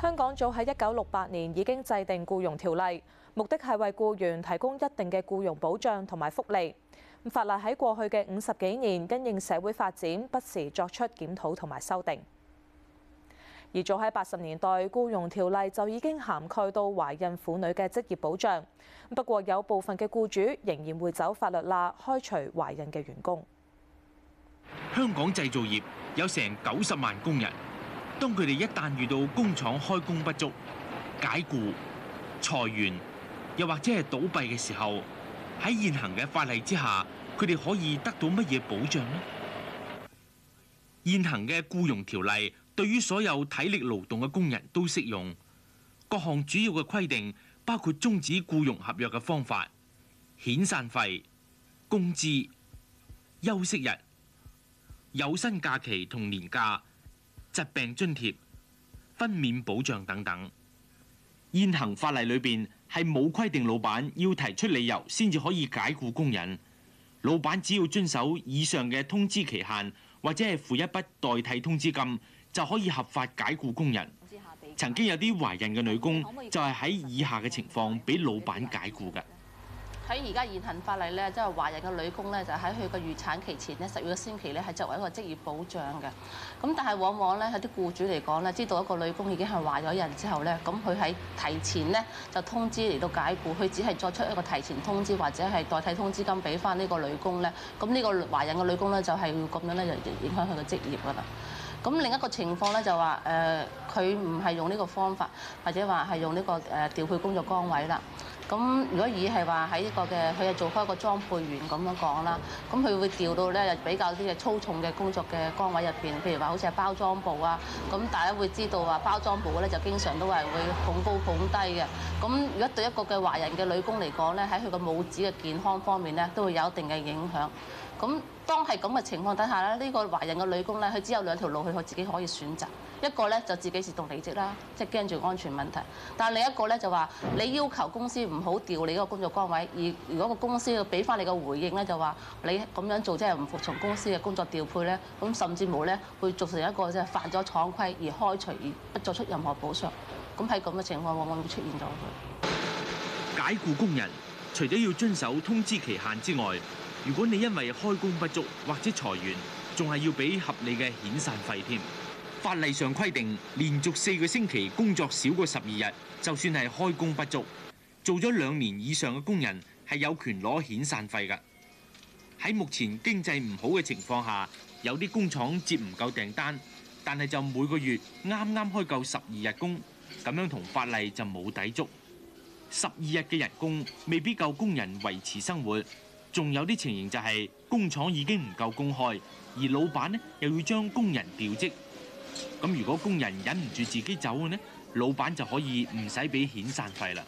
香港早喺一九六八年已經制定僱傭條例，目的係為僱員提供一定嘅僱傭保障同埋福利。法例喺過去嘅五十幾年跟應社會發展，不時作出檢討同埋修訂。而早喺八十年代，僱傭條例就已經涵蓋到懷孕婦女嘅職業保障。不過有部分嘅僱主仍然會走法律罅，開除懷孕嘅員工。香港製造業有成九十萬工人。當佢哋一旦遇到工廠開工不足、解僱、裁員，又或者係倒閉嘅時候，喺現行嘅法例之下，佢哋可以得到乜嘢保障呢？現行嘅僱傭條例對於所有體力勞動嘅工人都適用，各項主要嘅規定包括終止僱傭合約嘅方法、遣散費、工資、休息日、有薪假期同年假。疾病津貼、分娩保障等等，現行法例裏邊係冇規定老闆要提出理由先至可以解雇工人。老闆只要遵守以上嘅通知期限，或者係付一筆代替通知金，就可以合法解雇工人。曾經有啲懷孕嘅女工就係喺以下嘅情況俾老闆解雇嘅。喺而家現行法例咧，即係懷孕嘅女工咧，就喺佢個預產期前咧，十二個星期咧，係作為一個職業保障嘅。咁但係往往咧，有啲僱主嚟講咧，知道一個女工已經係懷咗孕之後咧，咁佢喺提前咧就通知嚟到解僱，佢只係作出一個提前通知或者係代替通知金俾翻呢個女工咧。咁呢個懷孕嘅女工咧，就係要咁樣咧，就影響佢嘅職業啦。咁另一個情況咧就話誒，佢唔係用呢個方法，或者話係用呢個誒調配工作崗位啦。咁如果以係話喺一個嘅，佢係做開個裝配員咁樣講啦，咁佢會調到咧比較啲嘅粗重嘅工作嘅崗位入邊，譬如話好似係包裝部啊，咁大家會知道話包裝部咧就經常都係會捧高捧低嘅，咁如果對一個嘅華人嘅女工嚟講咧，喺佢個母子嘅健康方面咧，都會有一定嘅影響。咁當係咁嘅情況底下咧，呢個懷孕嘅女工咧，佢只有兩條路，佢可自己可以選擇一個咧，就自己自動離職啦，即係驚住安全問題；但係另一個咧就話，你要求公司唔好調你嗰個工作崗位，而如果個公司要俾翻你個回應咧，就話你咁樣做即係唔服從公司嘅工作調配咧，咁甚至冇咧會造成一個即係犯咗廠規而開除而不作出任何補償，咁喺咁嘅情況往往會出現咗解僱工人，除咗要遵守通知期限之外。如果你因為開工不足或者裁員，仲係要俾合理嘅遣散費添。法例上規定，連續四個星期工作少過十二日，就算係開工不足，做咗兩年以上嘅工人係有權攞遣散費㗎。喺目前經濟唔好嘅情況下，有啲工廠接唔夠訂單，但係就每個月啱啱開夠十二日工，咁樣同法例就冇抵觸。十二日嘅人工，未必夠工人維持生活。仲有啲情形就係工廠已經唔夠工開，而老闆呢又要將工人調職。咁如果工人忍唔住自己走嘅呢，老闆就可以唔使俾遣散費啦。